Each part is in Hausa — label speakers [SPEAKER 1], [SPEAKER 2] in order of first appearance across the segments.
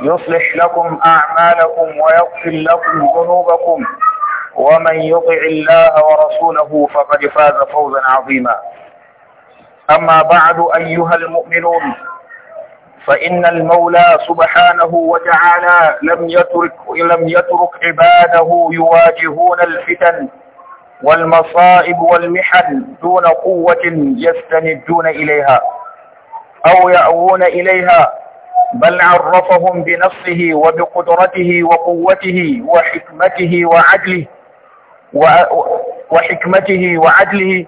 [SPEAKER 1] يصلح لكم أعمالكم ويغفر لكم ذنوبكم ومن يطع الله ورسوله فقد فاز فوزا عظيما أما بعد أيها المؤمنون فإن المولى سبحانه وتعالى لم يترك لم يترك عباده يواجهون الفتن والمصائب والمحن دون قوة يستندون إليها أو يأوون إليها بل عرفهم بنفسه وبقدرته وقوته وحكمته وعدله وحكمته وعدله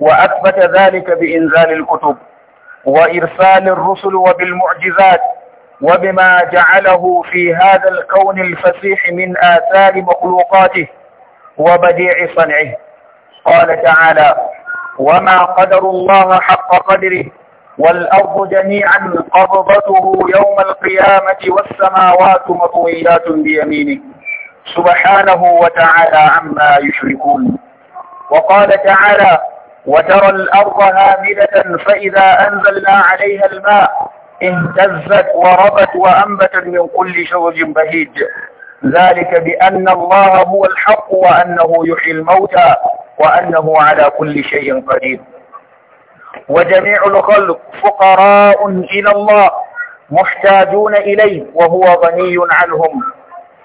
[SPEAKER 1] وأثبت ذلك بإنزال الكتب وإرسال الرسل وبالمعجزات وبما جعله في هذا الكون الفسيح من آثار مخلوقاته وبديع صنعه قال تعالى وما قدر الله حق قدره والأرض جميعا قبضته يوم القيامة والسماوات مطويات بيمينه سبحانه وتعالى عما يشركون وقال تعالى وترى الأرض هامدة فإذا أنزلنا عليها الماء اهتزت وربت وأنبتت من كل شوج بهيج ذلك بأن الله هو الحق وأنه يحيي الموتى وأنه على كل شيء قدير وجميع الخلق فقراء إلى الله محتاجون إليه وهو غني عنهم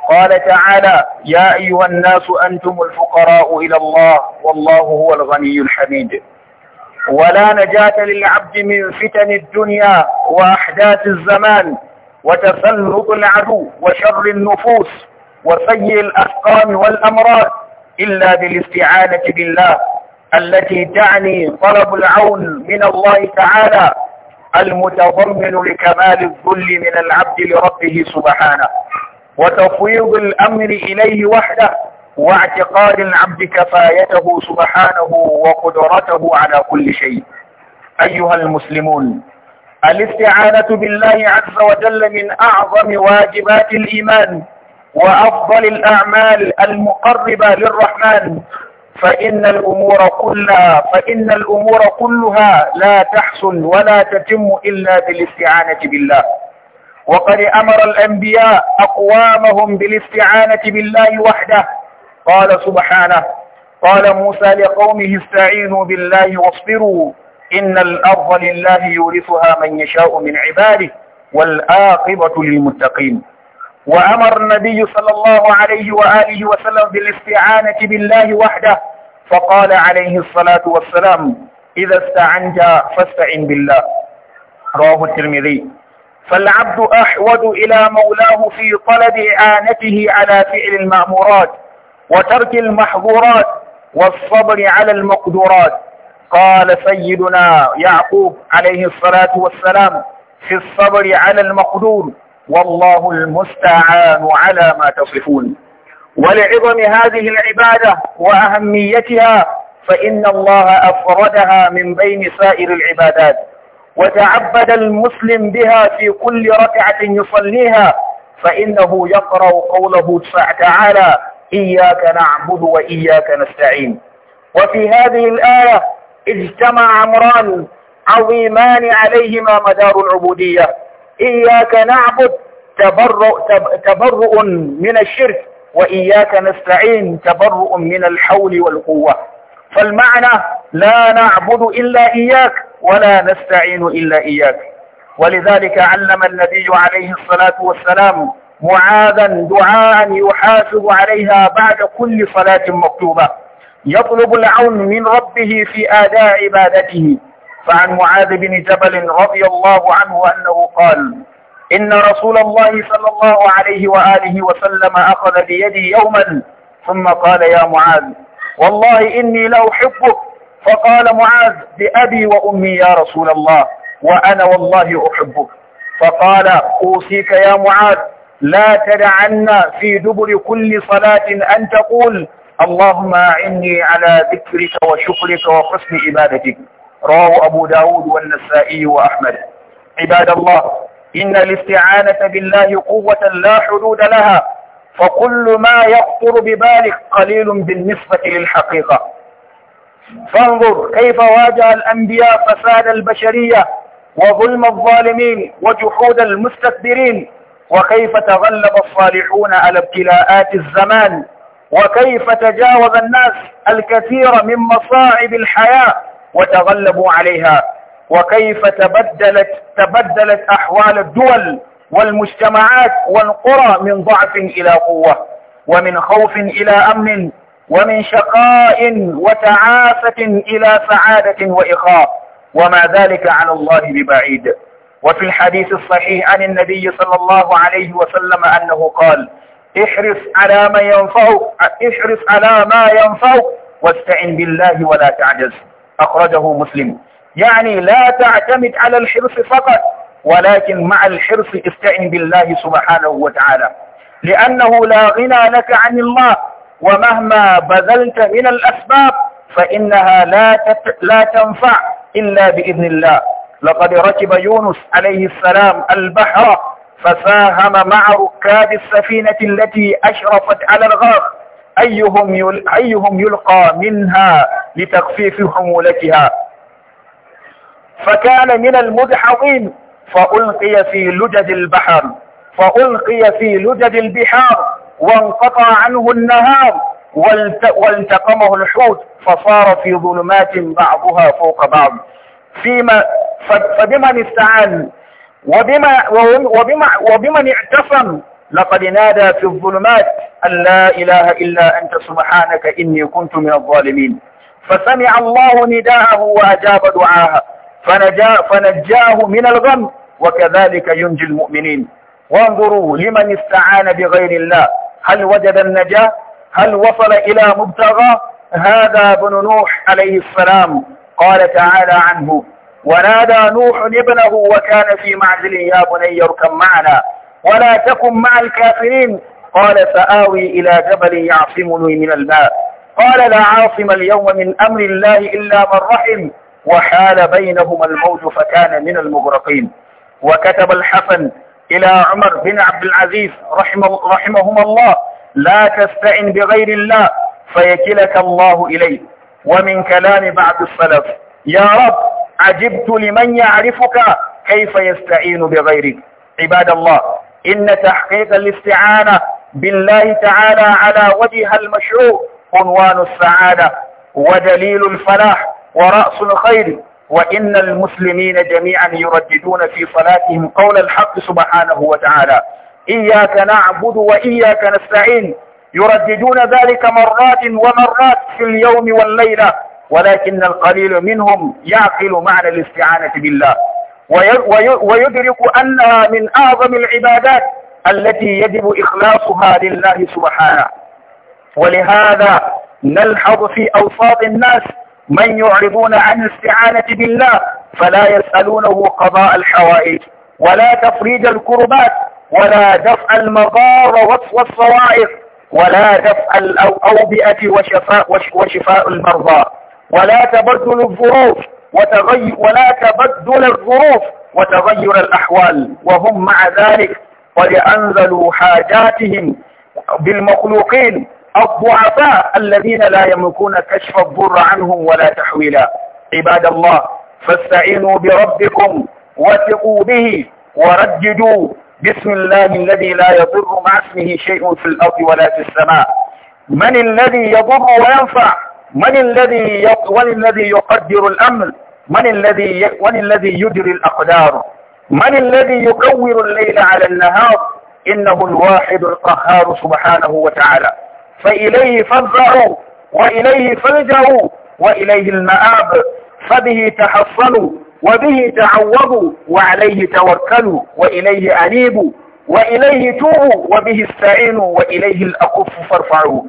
[SPEAKER 1] قال تعالى يا أيها الناس أنتم الفقراء إلى الله والله هو الغني الحميد
[SPEAKER 2] ولا نجاة
[SPEAKER 1] للعبد من فتن الدنيا وأحداث الزمان وتسلط العدو وشر النفوس وسيء الأسقام والأمراض إلا بالاستعانة بالله التي تعني طلب العون من الله تعالى المتضمن لكمال الذل من العبد لربه سبحانه وتفويض الأمر إليه وحده واعتقاد العبد كفايته سبحانه وقدرته على كل شيء أيها المسلمون الاستعانة بالله عز وجل من أعظم واجبات الإيمان وأفضل الأعمال المقربة للرحمن فإن الأمور كلها فإن الأمور كلها لا تحسن ولا تتم إلا بالاستعانة بالله وقد أمر الأنبياء أقوامهم بالاستعانة بالله وحده قال سبحانه قال موسى لقومه استعينوا بالله واصبروا إن الأرض لله يورثها من يشاء من عباده والآقبة للمتقين وأمر النبي صلى الله عليه وآله وسلم بالاستعانة بالله وحده فقال عليه الصلاة والسلام إذا استعنت فاستعن بالله رواه الترمذي فالعبد أحود إلى مولاه في طلب إعانته على فعل المأمورات وترك المحظورات والصبر على المقدورات قال سيدنا يعقوب عليه الصلاة والسلام في الصبر على المقدور والله المستعان على ما تصفون ولعظم هذه العبادة وأهميتها فإن الله أفردها من بين سائر العبادات وتعبد المسلم بها في كل ركعة يصليها فإنه يقرأ قوله تعالى إياك نعبد وإياك نستعين وفي هذه الآية اجتمع أمران عظيمان عليهما مدار العبودية إياك نعبد تبرؤ, تبرؤ من الشرك وإياك نستعين تبرؤ من الحول والقوة فالمعنى لا نعبد إلا إياك ولا نستعين إلا إياك ولذلك علم النبي عليه الصلاة والسلام معاذا دعاء يحاسب عليها بعد كل صلاة مكتوبة يطلب العون من ربه في آداء عبادته فعن معاذ بن جبل رضي الله عنه أنه قال إن رسول الله صلى الله عليه وآله وسلم أخذ بيدي يوما ثم قال يا معاذ والله إني لأحبك فقال معاذ بأبي وأمي يا رسول الله وأنا والله أحبك فقال أوصيك يا معاذ لا تدعنا في دبر كل صلاة أن تقول اللهم أعني على ذكرك وشكرك وحسن عبادتك رواه أبو داود والنسائي وأحمد عباد الله إن الاستعانة بالله قوة لا حدود لها فكل ما يخطر ببالك قليل بالنسبة للحقيقة فانظر كيف واجه الأنبياء فساد البشرية وظلم الظالمين وجحود المستكبرين وكيف تغلب الصالحون على ابتلاءات الزمان وكيف تجاوز الناس الكثير من مصاعب الحياة وتغلبوا عليها وكيف تبدلت تبدلت أحوال الدول والمجتمعات والقرى من ضعف إلى قوة ومن خوف إلى أمن ومن شقاء وتعافة إلى سعادة وإخاء وما ذلك على الله ببعيد وفي الحديث الصحيح عن النبي صلى الله عليه وسلم أنه قال احرص على ما ينفعك احرص على ما ينفعك واستعن بالله ولا تعجز أخرجه مسلم يعني لا تعتمد على الحرص فقط ولكن مع الحرص استعن بالله سبحانه وتعالى لأنه لا غنى لك عن الله ومهما بذلت من الأسباب فإنها لا, تت... لا تنفع إلا بإذن الله لقد ركب يونس عليه السلام البحر فساهم مع ركاب السفينة التي أشرفت على الغرق أيهم, يل... أيهم يلقى منها لتخفيف حمولتها فكان من المدحضين فألقي في لجج البحر فألقي في لجج البحار وانقطع عنه النهار والتقمه الحوت فصار في ظلمات بعضها فوق بعض فيما فبمن استعان وبما وبما وبمن اعتصم لقد نادى في الظلمات أن لا إله إلا أنت سبحانك إني كنت من الظالمين فسمع الله نداءه وأجاب دعاءه فنجا فنجاه من الغم وكذلك ينجي المؤمنين وانظروا لمن استعان بغير الله هل وجد النجاة هل وصل إلى مبتغى هذا بن نوح عليه السلام قال تعالى عنه ونادى نوح ابنه وكان في معزل يا بني اركب معنا ولا تكن مع الكافرين قال سآوي إلى جبل يعصمني من الماء قال لا عاصم اليوم من أمر الله إلا من رحم وحال بينهما الموج فكان من المغرقين وكتب الحسن إلى عمر بن عبد العزيز رحمه رحمهما الله لا تستعن بغير الله فيكلك الله إليه ومن كلام بعض السلف يا رب عجبت لمن يعرفك كيف يستعين بغيرك عباد الله إن تحقيق الاستعانة بالله تعالى على وجه المشروع عنوان السعادة ودليل الفلاح ورأس الخير وإن المسلمين جميعا يرددون في صلاتهم قول الحق سبحانه وتعالى إياك نعبد وإياك نستعين يرددون ذلك مرات ومرات في اليوم والليلة ولكن القليل منهم يعقل معنى الاستعانة بالله ويدرك أنها من أعظم العبادات التي يجب إخلاصها لله سبحانه ولهذا نلحظ في أوساط الناس من يعرضون عن الاستعانة بالله فلا يسألونه قضاء الحوائج ولا تفريج الكربات ولا دفع المضار والصواعق ولا دفع الأوبئة وشفاء, وشفاء المرضى ولا تبدل الظروف وتغير ولا تبدل الظروف وتغير الأحوال وهم مع ذلك قد أنزلوا حاجاتهم بالمخلوقين الضعفاء الذين لا يملكون كشف الضر عنهم ولا تحويلا عباد الله فاستعينوا بربكم وثقوا به ورددوا بسم الله الذي لا يضر مع اسمه شيء في الأرض ولا في السماء من الذي يضر وينفع من الذي الذي يقدر الأمر من الذي الذي يجري الأقدار من الذي يكور الليل على النهار إنه الواحد القهار سبحانه وتعالى فإليه فارجعوا وإليه فالجأوا وإليه المآب فبه تحصلوا وبه تعوضوا وعليه توكلوا وإليه أنيبوا وإليه توبوا وبه استعينوا وإليه الأكف فارفعوا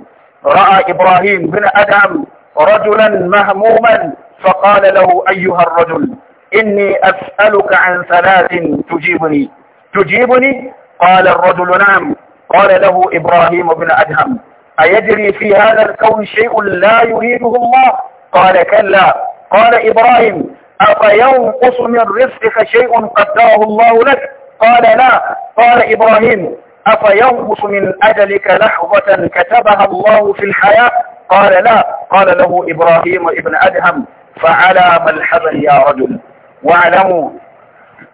[SPEAKER 1] رأى إبراهيم بن أدعم رجلا مهموما فقال له أيها الرجل إني أسألك عن ثلاث تجيبني تجيبني قال الرجل نعم قال له إبراهيم بن أدهم أيجري في هذا الكون شيء لا يريده الله قال كلا قال إبراهيم أفينقص من رزقك شيء قدره الله لك قال لا قال إبراهيم أفينقص من أجلك لحظة كتبها الله في الحياة قال لا قال له إبراهيم ابن أدهم فعلى ملحظا يا رجل واعلموا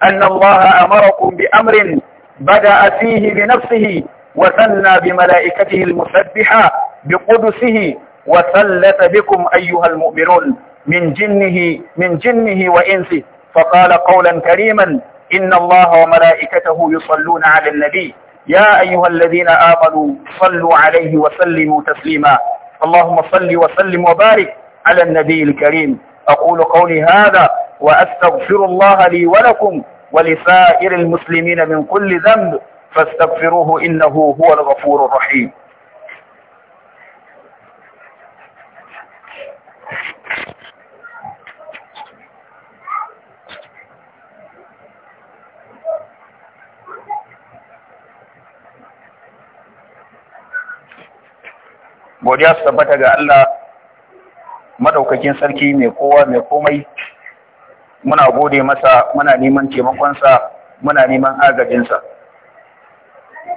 [SPEAKER 1] أن الله أمركم بأمر بدأ فيه بنفسه وثنى بملائكته المسبحة بقدسه وثلث بكم أيها المؤمنون من جنه من جنه وإنسه فقال قولا كريما إن الله وملائكته يصلون على النبي يا أيها الذين آمنوا صلوا عليه وسلموا تسليما اللهم صل وسلم وبارك على النبي الكريم أقول قولي هذا وأستغفر الله لي ولكم ولسائر المسلمين من كل ذنب فاستغفروه إنه هو الغفور الرحيم godiya su tabbata ga Allah madaukakin sarki mai kowa mai komai muna gode masa muna neman taimakonsa muna neman agajinsa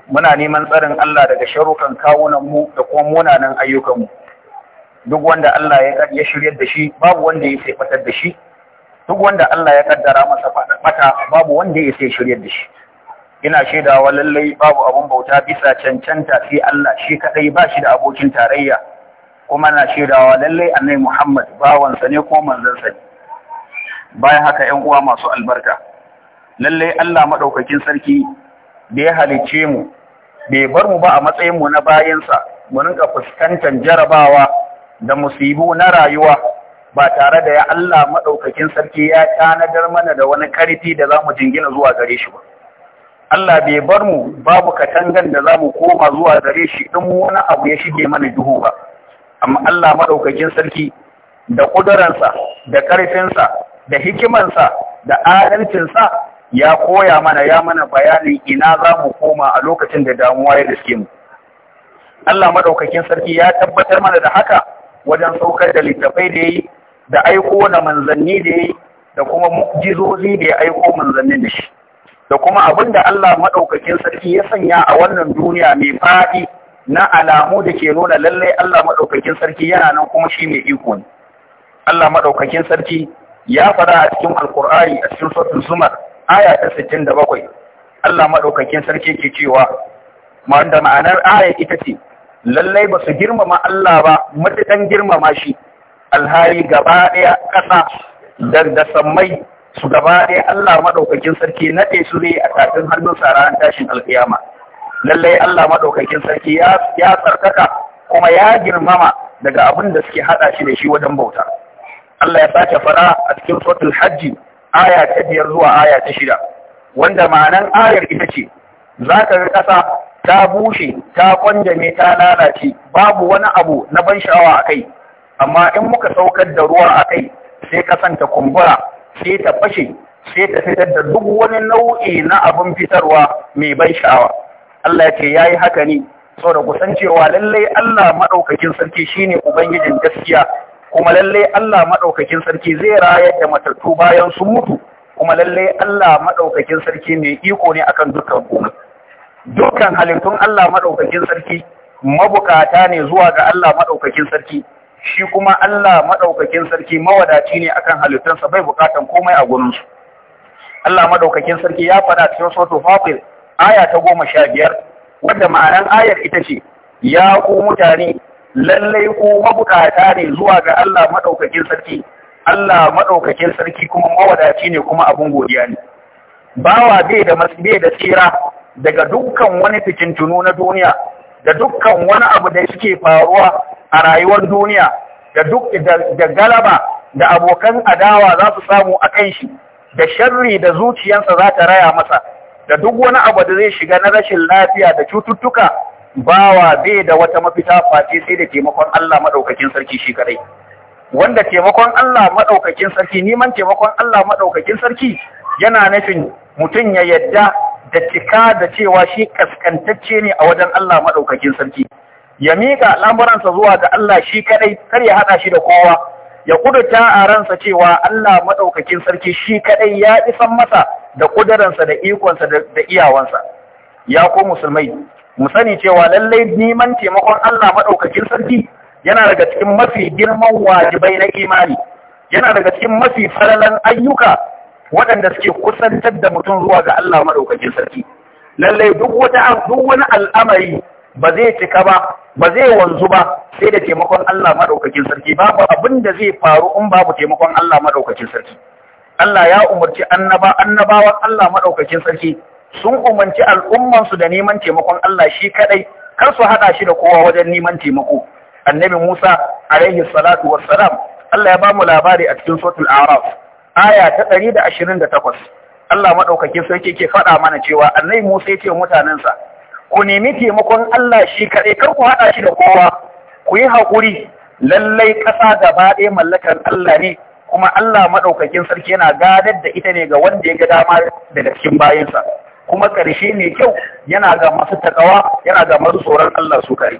[SPEAKER 1] muna neman tsarin Allah daga sharukan kawunan mu da kuma munanan ayyukan mu duk wanda Allah ya shiryar da shi babu wanda ya sai fatar da shi duk wanda Allah ya kaddara masa fata babu wanda ya sai shiryar da shi ina shaidawa lallai babu abun bauta bisa cancanta sai Allah shi kadai ba shi da abokin tarayya kuma na shaidawa lallai annabi Muhammad bawansa ne ko manzon ne bayan haka ‘yan uwa masu albarka, Lallai Allah maɗaukakin sarki da ya halicce mu bai bar mu ba a matsayin mu na bayansa mu rinka fuskantar jarabawa da musibu na rayuwa ba tare da ya Allah maɗaukakin sarki ya tanadar mana da wani karfi da zamu jingina zuwa gare shi ba Allah bai bar mu babu katangan da zamu koma zuwa gare shi din wani abu ya shige mana duhu ba amma Allah maɗaukakin sarki da ƙudurarsa da karfinsa da hikimansa da adalcinsa ya koya mana ya mana bayanin ina za mu koma a lokacin da damuwa ya riske mu Allah maɗaukakin sarki ya tabbatar mana da haka wajen saukar da littafai da ya yi da aiko na manzanni da yi da kuma jizozi da ya aiko manzannin da shi da kuma abin da Allah maɗaukakin sarki ya sanya a wannan duniya mai faɗi na alamu da ke nuna lallai Allah maɗaukakin sarki yana nan kuma shi mai iko ne Allah maɗaukakin sarki ya fara a cikin Alkur'ani a cikin Sautin Zumar aya ta sittin da bakwai Allah maɗaukakin sarki ke cewa wanda ma'anar aya ita ce lallai ba su girmama Allah ba matukan girmama shi alhari gaba ɗaya ƙasa da sammai su gaba ɗaya Allah maɗaukakin sarki naɗe su ne a kafin hannun sara tashin alƙiyama lallai Allah maɗaukakin sarki ya tsarkaka kuma ya girmama daga abin da suke haɗa shi da shi wajen bauta Allah ya sace fara a cikin sotul hajji aya ta biyar zuwa aya ta shida wanda ma'anan ayar ita ce za ka ga ƙasa ta bushe ta kwanjame ta lalace babu wani abu na ban sha'awa a kai amma in muka saukar da ruwa a kai sai ƙasan ta kumbura sai ta fashe sai ta fitar da duk wani nau'i na abin fitarwa mai ban sha'awa Allah ya ce yayi haka ne saboda kusancewa lallai Allah maɗaukakin sarki shine ubangijin gaskiya kuma lalle Allah maɗaukakin sarki zai rayar da matattu bayan su mutu kuma lalle Allah maɗaukakin sarki mai iko ne akan dukkan kuma dukkan halittun Allah maɗaukakin sarki mabukata ne zuwa ga Allah maɗaukakin sarki shi kuma Allah maɗaukakin sarki mawadaci ne akan halittunsa bai bukatan komai a gurinsu Allah maɗaukakin sarki ya faɗa cikin sotu fafil aya ta goma sha biyar wadda ma'anan ayar ita ce ya ku mutane lallai ko mabukata ne zuwa ga Allah Maɗaukakin sarki Allah Maɗaukakin sarki kuma mawadaci ne kuma abin godiya ne bawa bai da bai da tsira daga dukkan wani fikin tunu na duniya da dukkan wani abu da suke faruwa a rayuwar duniya da duk da galaba da abokan adawa za su samu a kan shi da sharri da zuciyarsa za ta raya masa da duk wani abu da zai shiga na rashin lafiya da cututtuka bawa bai da wata mafita face sai da taimakon Allah madaukakin sarki shi kadai wanda taimakon Allah madaukakin sarki niman taimakon Allah madaukakin sarki yana nufin mutum ya yadda da cika da cewa shi kaskantacce ne a wajen Allah madaukakin sarki ya mika lamuransa zuwa ga Allah shi kadai kar ya hada shi da kowa ya kudurta a ransa cewa Allah madaukakin sarki shi kadai ya isan masa da kudaransa da ikonsa da iyawansa ya ko musulmai mu sani cewa lallai neman taimakon Allah maɗaukakin sarki yana daga cikin mafi girman wajibai na imani yana daga cikin mafi faralan ayyuka waɗanda suke kusantar da mutum zuwa ga Allah maɗaukakin sarki lallai duk wata duk wani al'amari ba zai cika ba ba zai wanzu ba sai da taimakon Allah maɗaukakin sarki babu abin da zai faru in babu taimakon Allah maɗaukakin sarki Allah ya umarci annaba annabawan Allah maɗaukakin sarki sun umarci al'ummansu da neman taimakon Allah shi kadai kar su haɗa shi da kowa wajen neman taimako annabi Musa a alaihi salatu wa salam. Allah ya ba mu labari a cikin sotul a'raf aya ta ɗari da da ashirin 128 Allah maɗaukakin sarki ke faɗa mana cewa annabi Musa ya ce mutanensa ku nemi taimakon Allah shi kadai kar ku haɗa shi da kowa ku yi haƙuri lallai ƙasa gaba ɗaya mallakar Allah ne kuma Allah maɗaukakin sarki yana gadar da ita ne ga wanda ya ga dama daga cikin bayansa kuma ƙarshe mai kyau yana ga masu takawa yana ga masu tsoron Allah su kai.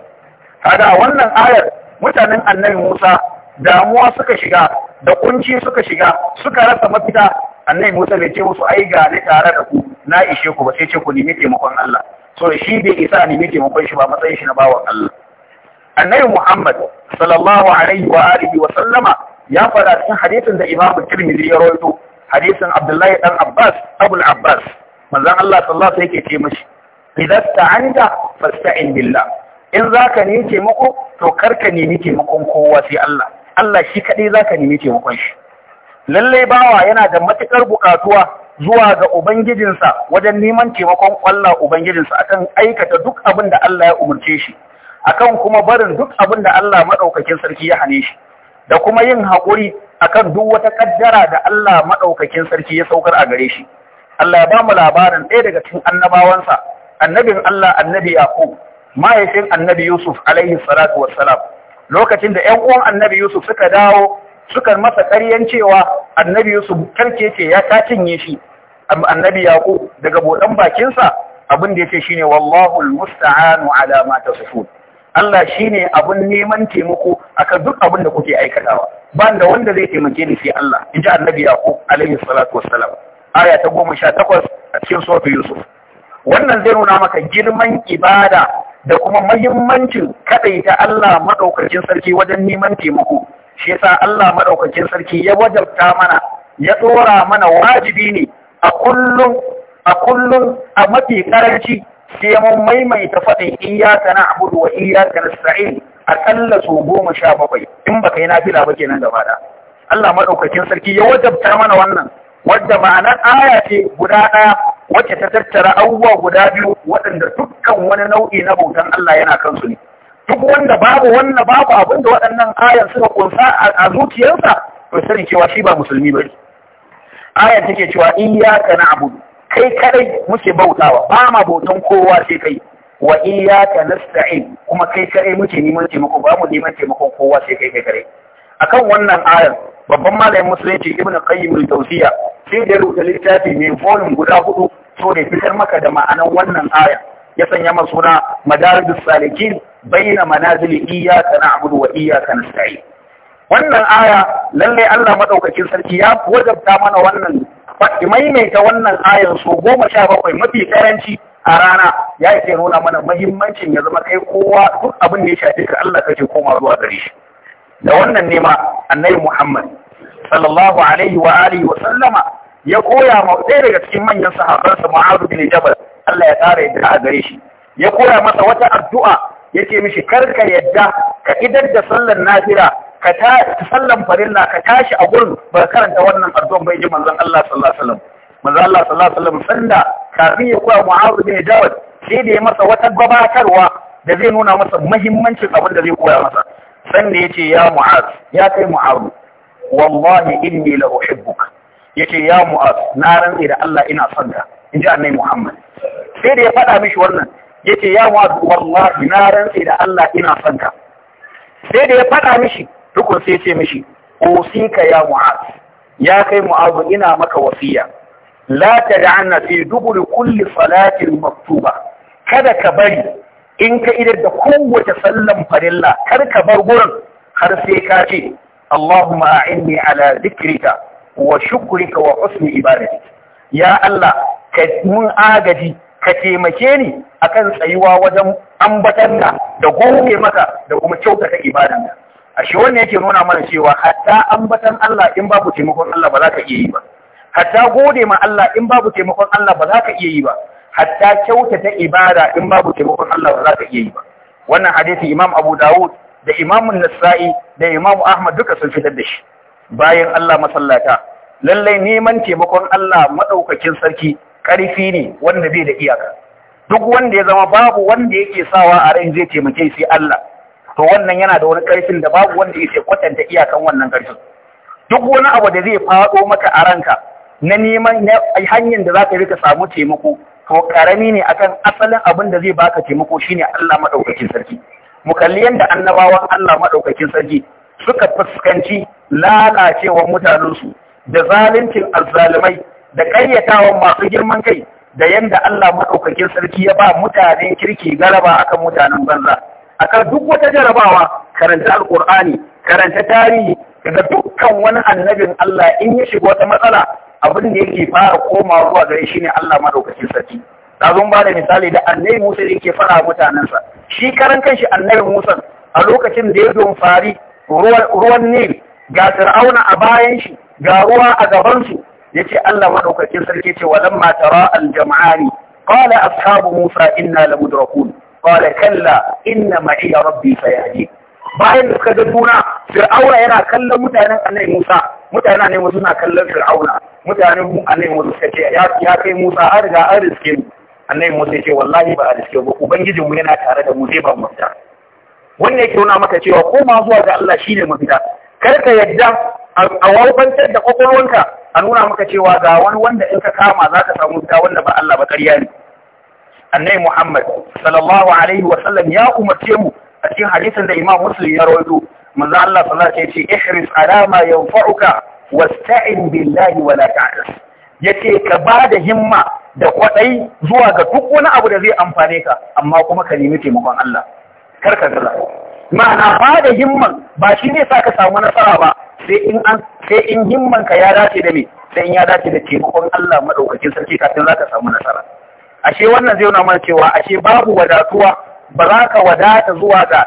[SPEAKER 1] kaga wannan ayar mutanen annabi Musa damuwa suka shiga da kunci suka shiga suka rasa mafita annabi Musa bai ce musu ai ga ni tare da ku na ishe ku ba sai ce ku nemi taimakon Allah so shi bai isa nemi taimakon shi ba matsayin shi na bawan Allah annabi Muhammad sallallahu alaihi wa alihi wa sallama ya fara cikin hadisin da Imam Tirmidhi ya rawaito hadisin Abdullahi dan Abbas Abul Abbas manzon Allah sallallahu alaihi yake ce mishi idan ta'anda fasta'in billah in zaka nemi taimako to karka nemi taimakon kowa sai Allah Allah shi kadai zaka nemi taimakon shi lallai bawa yana da matukar bukatuwa zuwa ga ubangijinsa wajen neman taimakon Allah ubangijinsa akan aikata duk abin da Allah ya umarce shi akan kuma barin duk abin da Allah maɗaukakin sarki ya hane shi da kuma yin haƙuri akan duk wata kaddara da Allah maɗaukakin sarki ya saukar a gare shi Allah ya ba mu labarin ɗaya daga cikin annabawansa annabin Allah annabi Yaqub mahaifin annabi Yusuf alaihi salatu wassalam lokacin da ƴan uwan annabi Yusuf suka dawo suka masa ƙaryan cewa annabi Yusuf tarke ce ya ta cinye shi annabi Yaqub daga buɗan bakinsa abin da ce shine wallahu almusta'anu ala ma tasifun Allah shine abin neman taimako akan duk abin da kuke aikatawa ba da wanda zai taimake ni sai Allah ji annabi Yaqub alaihi salatu wassalam aya ta goma sha takwas a cikin sofi Yusuf. Wannan zai nuna maka girman ibada da kuma mahimmancin ta Allah maɗaukakin sarki wajen neman taimako. Shi yasa Allah maɗaukakin sarki ya wajabta mana, ya tsora mana wajibi ne a kullum a kullum a mafi karanci sai mun maimaita faɗin iyaka na abudu wa iyaka na a aƙalla su goma sha bakwai in baka yi fila ba kenan gaba da. Allah maɗaukakin sarki ya wajabta mana wannan wadda ma'anar aya ce guda ɗaya wacce ta tattara abubuwa guda biyu waɗanda dukkan wani nau'i na bautan Allah yana kansu ne duk wanda babu wannan babu abin da waɗannan ayan suka kunsa a zuciyarsa to sani cewa shi ba musulmi ba ne. ayan take cewa iyyaka na'budu kai kadai muke bautawa ba ma bautan kowa sai kai wa iyyaka nasta'in kuma kai kadai muke neman taimako ba mu neman taimakon kowa sai kai kai kadai akan wannan ayar babban malamin musulunci ibn qayyim al-tawsiya sai da rubuta littafi mai volume guda hudu so da fitar maka da ma'anar wannan aya ya sanya masa suna madarijus salikin baina manazil iyyaka na'budu wa iyyaka nasta'in wannan aya lalle Allah madaukakin sarki ya wajabta mana wannan maimaita wannan ayar so goma sha bakwai mafi karanci a rana ya ke nuna mana mahimmancin ya zama kai kowa duk abin da ya shafi ka Allah kake koma zuwa gare shi da wannan nema annabi Muhammad sallallahu alaihi wa alihi wa sallama ya koya ma ɗaya daga cikin manyan sahabansa Mu'adh bin Jabal Allah ya ƙara yadda a gare shi ya koya masa wata addu'a yace mishi karka yadda ka idar da sallar nafira ka ta sallan farilla ka tashi a gurin ba karanta wannan addu'an bai ji manzon Allah sallallahu alaihi wasallam manzon Allah sallallahu alaihi wasallam sanda kafin ya koya Mu'adh bin Jabal sai da ya masa wata gabatarwa da zai nuna masa muhimmancin abin da zai koya masa Sanda yace ya mu'az ya kai mu'az wallahi inni la uhibbuka yace ya mu'az na rantsi da Allah ina son ka inji annabi Muhammad sai da ya faɗa mishi wannan yace ya mu'az wallahi na rantsi da Allah ina son ka sai da ya faɗa mishi dukun sai ce mishi usika ya mu'az ya kai mu'az ina maka wasiya la tad'anna fi duburi kulli salatin maktuba kada ka bari in ka idar da kowace sallan farilla kar ka bar gurin har sai ka ce Allahumma a'inni ala zikrika wa shukrika wa husni ibadati ya Allah ka mun agaji ka taimake ni akan tsayuwa wajen ambatar da da goge maka da kuma kyautata ibadan ashe wannan yake nuna mana cewa hatta ambatan Allah in babu taimakon Allah ba za ka iya yi ba hatta gode ma Allah in babu taimakon Allah ba za ka iya yi ba hatta kyautata ibada in babu taimakon Allah ba za ka iya yi ba wannan hadisi Imam Abu Dawud da Imam Nasa'i da Imam Ahmad duka sun fitar da shi bayan Allah masallata lallai neman taimakon Allah madaukakin sarki karfi ne wanda bai da iyaka duk wanda ya zama babu wanda yake sawa a ran zai taimake sai Allah to wannan yana da wani karfin da babu wanda yake kwatanta iyakan wannan karfin duk wani abu da zai faɗo maka a ranka na neman hanyar da za ka bi ka samu taimako to karami ne akan asalin abin da zai baka taimako shine Allah Maɗaukakin sarki mu kalli yanda annabawan Allah Maɗaukakin sarki suka fuskanci lalacewar mutanensu da zaluncin azzalumai da ƙayyatawan masu girman kai da yadda Allah maɗaukakin sarki ya ba mutane kirki galaba akan mutanen banza akan duk wata jarabawa karanta alkur'ani karanta tarihi daga dukkan wani annabin Allah in ya shiga wata matsala abin da yake fara koma zuwa gare shi ne Allah madaukakin sarki da zan ba da misali da annabi Musa da yake fara mutanensa shi karan kanshi annabi Musa a lokacin da ya domfari ruwan Nil ga Fir'auna a bayan shi ga ruwa a gaban su yace Allah madaukakin sarki ce walamma tara al-jam'ani qala ashabu Musa inna lamudrakun qala kalla inna mai rabbi sayahdi bayan da suka ga juna Fir'auna yana kallon mutanen annabi Musa mutane wasu na kallon fir'auna mutane mu annabi musa suka ce ya kai musa an riga an riske mu annabi musa ya ce wallahi ba a riske ba ubangijin mu yana tare da mu zai ba mafita wannan yake nuna maka cewa ma zuwa ga Allah shine mafita kar ka yadda a waufantar da kwakwalwanka a nuna maka cewa ga wani wanda in ka kama za ka samu fita wanda ba Allah ba ƙarya ne annai Muhammad sallallahu alaihi wa sallam ya umarce mu a cikin hadisin da Imam Muslim ya rawaito manzo Allah sallallahu alaihi wasallam yace ihris ala ma yanfa'uka wasta'in billahi wala ta'as yace ka ba da himma da kwadai zuwa ga duk wani abu da zai amfane ka amma kuma ka nemi taimakon Allah kar ka gaza ma'ana ba da himman ba shi ne sa ka samu nasara ba sai in an sai in himman ka ya dace da me sai in ya dace da taimakon Allah madaukakin sarki kafin za ka samu nasara ashe wannan zai nuna mana cewa ashe babu wadatuwa ba za ka wadata zuwa ga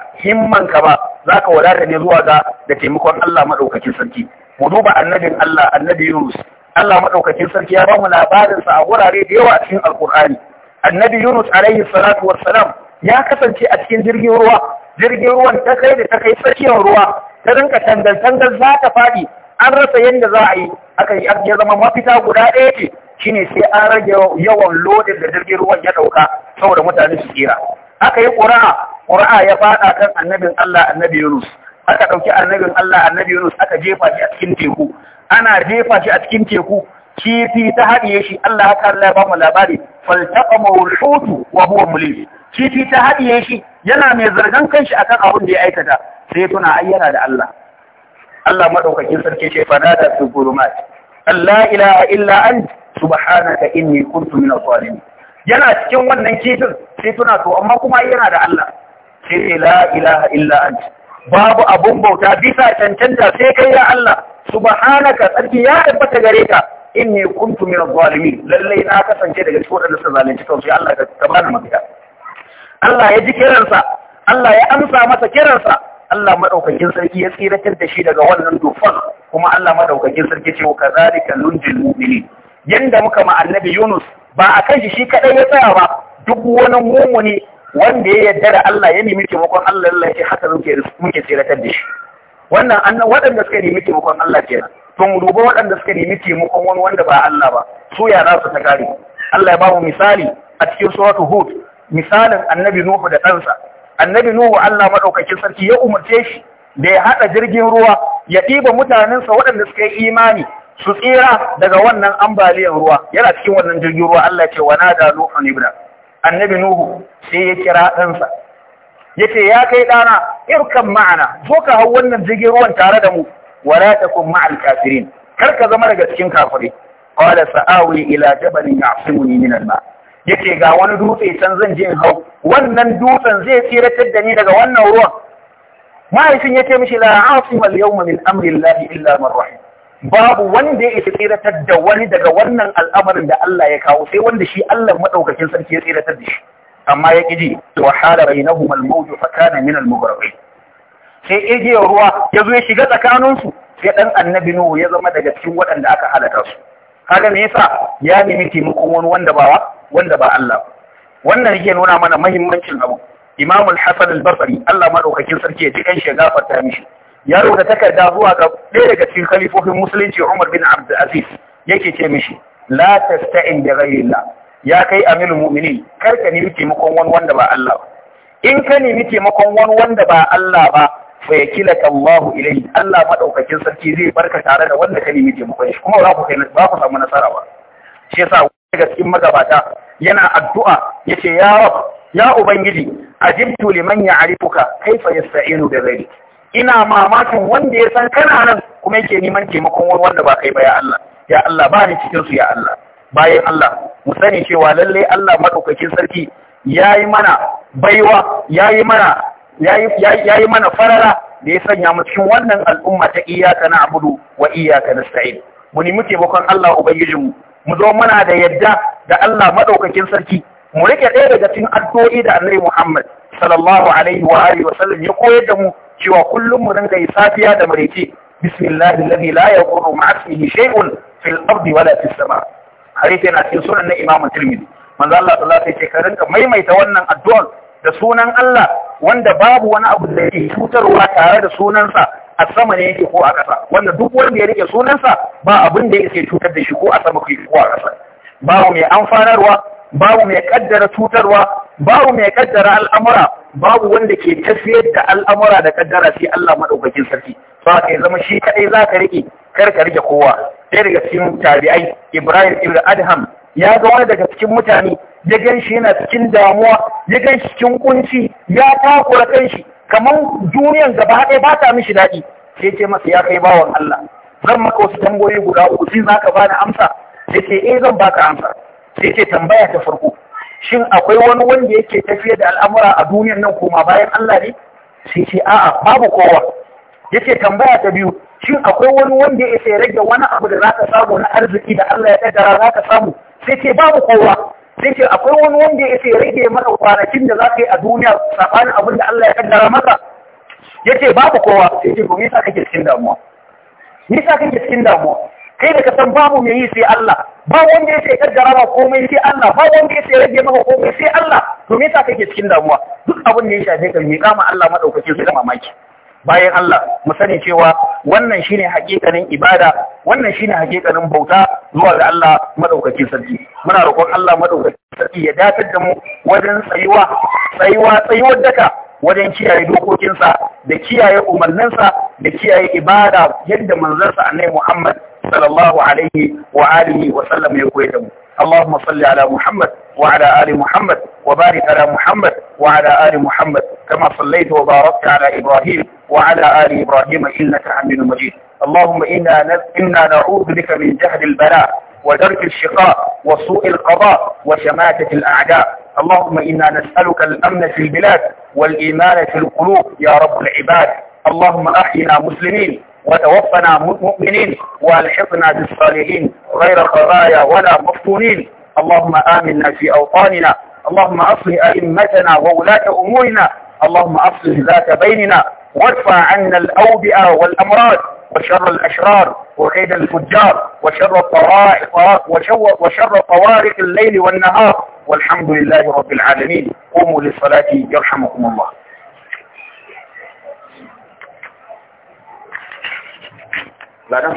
[SPEAKER 1] ka ba za ka wadata ne zuwa ga da taimakon Allah maɗaukakin sarki mu duba annabin Allah annabi Yunus Allah maɗaukakin sarki ya ba mu labarinsa a wurare da yawa a cikin Alƙur'ani annabi Yunus alaihi salatu Salam, ya kasance a cikin jirgin ruwa jirgin ruwan ta kai da ta kai tsakiyar ruwa ta rinka tangal-tangal za ta faɗi an rasa yadda za a yi aka yi ya zama mafita guda ɗaya ce shine sai an rage yawan lodin da jirgin ruwan ya ɗauka saboda mutane su tsira aka yi ƙura'a ƙura'a ya faɗa kan annabin Allah annabi Yunus aka ɗauki annabin Allah annabi Yunus aka jefa shi a cikin teku ana jefa shi a cikin teku kifi ta haɗiye shi Allah haka Allah ya bamu labari faltaqamahu al-hutu wa huwa mulim kifi ta haɗiye shi yana mai zargan kanshi akan abin da ya aikata sai tuna ayyana da Allah Allah madaukakin sarki ce fada da su gurumat Allah ilaha illa ant subhanaka inni kuntu min adh-dhalimin yana cikin wannan kifin sai tuna to amma kuma yana da Allah sai ce la ilaha illa anta babu abun bauta bisa cancanta sai kai ya Allah subhanaka tsarki ya tabbata gare ka inni kuntu min adh lalle na kasance daga cikin wadanda suka zalunci kansu ya Allah ka bani mafita
[SPEAKER 2] Allah ya ji kiransa
[SPEAKER 1] Allah ya amsa masa kiransa Allah madaukakin sarki ya tsiratar da shi daga wannan dufan kuma Allah madaukakin sarki ce wa kazalika lunjil mu'minin yanda muka ma annabi Yunus ba a kan shi shi kaɗai ya tsaya ba duk wani mumuni wanda ya yarda da Allah ya nemi taimakon Allah Allah ya haka muke muke tsiratar da shi wannan annan waɗanda suka nemi taimakon Allah kenan to mu duba waɗanda suka nemi taimakon wani wanda ba Allah ba su ya za su ta kare Allah ya ba mu misali a cikin suratul hud misalin annabi nuhu da ɗansa annabi nuhu Allah madaukakin sarki ya umarce shi da ya haɗa jirgin ruwa ya ɗiba mutanensa waɗanda suka yi imani su tsira daga wannan ambaliyar ruwa yana cikin wannan jirgin ruwa Allah ce wa nada nuhun ibna annabi nuhu sai ya kira ɗansa yace ya kai ɗana irkan ma'ana zo ka hau wannan jirgin ruwan tare da mu wala takun ma'al kafirin kar ka zama daga cikin kafirai qala sa'awi ila jabalin ya'simuni min al-ma yace ga wani dutse can zan je in hau wannan dutsen zai tsiratar da ni daga wannan ruwan mahaifin yace mishi la asima al-yawma min amri illa man rahim babu wanda ya isa tsiratar da wani daga wannan al'amarin da Allah ya kawo sai wanda shi Allah madaukakin sarki ya tsiratar da shi amma ya kiji to hala bainahum al-mawj fa kana min al sai igiyar ruwa ya zo ya shiga tsakanin su sai dan annabi nuhu ya zama daga cikin waɗanda aka halaka su kaga me yasa ya nemi taimakon wani wanda ba wanda ba Allah wannan yake nuna mana muhimmancin abu imamul hasan al-Basri Allah madaukakin sarki ya ji kan shi gafarta mishi ya rubuta takarda zuwa ga ɗaya daga cikin kalifofin musulunci Umar bin Abdulaziz Aziz yake ce mishi la tasta'in bi ghayrillah ya kai amilul mu'minin kar ka nemi taimakon wani wanda ba Allah ba in ka nemi taimakon wani wanda ba Allah ba fa yakilaka Allahu ilayhi Allah madaukakin sarki zai barka tare da wanda ka nemi taimakon shi kuma ba ku kai ba ku samu nasara ba shi yasa daga cikin magabata yana addu'a yace ya rab ya ubangiji ajibtu liman ya'rifuka kaifa yasta'inu bi ghayrika ina mamakin wanda ya san kana nan kuma yake neman taimakon wani wanda ba kai ba ya Allah ya Allah ba ni cikin su ya Allah bayan Allah mu sani cewa lalle Allah madaukakin sarki yayi mana baiwa yayi mana yayi yayi mana farara da ya sanya mu cikin wannan al'umma ta iyyaka na'budu wa iyyaka nasta'in mu nemi taimakon Allah ubangijinmu mu mu zo muna da yadda da Allah madaukakin sarki mu rike ɗaya daga cikin addu'o'i da Annabi Muhammad sallallahu alaihi wa alihi wa sallam ya koyar da mu cewa kullum mu rinka yi safiya da maraice bismillahi alladhi la yaqulu ma'asmihi shay'un fil ardi wala fis sama hadisi yana cikin sunan na imamu tirmidhi manzo Allah sallallahu alaihi wasallam ya rinka maimaita wannan addu'a da sunan Allah wanda babu wani abu da yake cutarwa tare da sunansa a sama ne yake ko a ƙasa wanda duk wanda ya rike sunansa ba abin da yake cutar da shi ko a sama ko a ƙasa babu mai amfanarwa babu mai kaddara cutarwa babu mai kaddara al'amura babu wanda ke tafiyar da al'amura da kaddara sai Allah madaukakin sarki ba kai zama shi kadai zaka rike kar ka rike kowa ɗaya daga cikin tabi'ai Ibrahim ibn Adham ya ga wani daga cikin mutane ya gan yana cikin damuwa ya gan shi cikin kunci ya takura kanshi kamar duniyan gaba ɗaya ba ta mishi daɗi sai ce masa ya kai bawan Allah zan maka wasu tambayoyi guda uku sai zaka bani amsa yace eh zan baka amsa sai ce tambaya ta farko shin akwai wani wanda yake tafiya da al'amura a duniyar nan koma bayan Allah ne sai ce a'a babu kowa yace tambaya ta biyu shin akwai wani wanda ya rage wani abu da zaka samu na arziki da Allah ya kaddara zaka samu sai ce babu kowa sai ce akwai wani wanda ya rage maka kwanakin da zaka yi a duniya tsakanin abin da Allah ya kaddara maka yace babu kowa sai ce ko me yasa kake cikin damuwa me yasa kake cikin damuwa kai da ka san babu mai yi sai Allah ba wanda yake kaddara ma komai sai Allah ba wanda yake rage maka komai sai Allah to me yasa kake cikin damuwa duk abin da ya shafe ka mai kama Allah madaukake sai da mamaki bayan Allah mu sani cewa wannan shine hakikanin ibada wannan shine hakikanin bauta zuwa ga Allah madaukakin sarki muna roƙon Allah madaukakin sarki ya dakatar da mu wajen tsayuwa tsayuwa tsayuwar daka wajen kiyaye dokokinsa da kiyaye umarninsa da kiyaye ibada yadda manzansa annabi Muhammad صلى الله عليه وآله وسلم يكويدم اللهم صل على محمد وعلى آل محمد وبارك على محمد وعلى آل محمد كما صليت وباركت على إبراهيم وعلى آل إبراهيم إنك حميد مجيد اللهم إنا, إنا نعوذ بك من جهد البلاء ودرك الشقاء وسوء القضاء وشماتة الأعداء اللهم إنا نسألك الأمن في البلاد والإيمان في القلوب يا رب العباد اللهم أحينا مسلمين وتوفنا مؤمنين والحقنا بالصالحين غير قضايا ولا مفتونين اللهم آمنا في أوطاننا اللهم أصلح أئمتنا وولاة أمورنا اللهم أصلح ذات بيننا وارفع عنا الأوبئة والأمراض وشر الأشرار وكيد الفجار وشر الطوارق وشر طوارق الليل والنهار والحمد لله رب العالمين قوموا للصلاة يرحمكم الله lada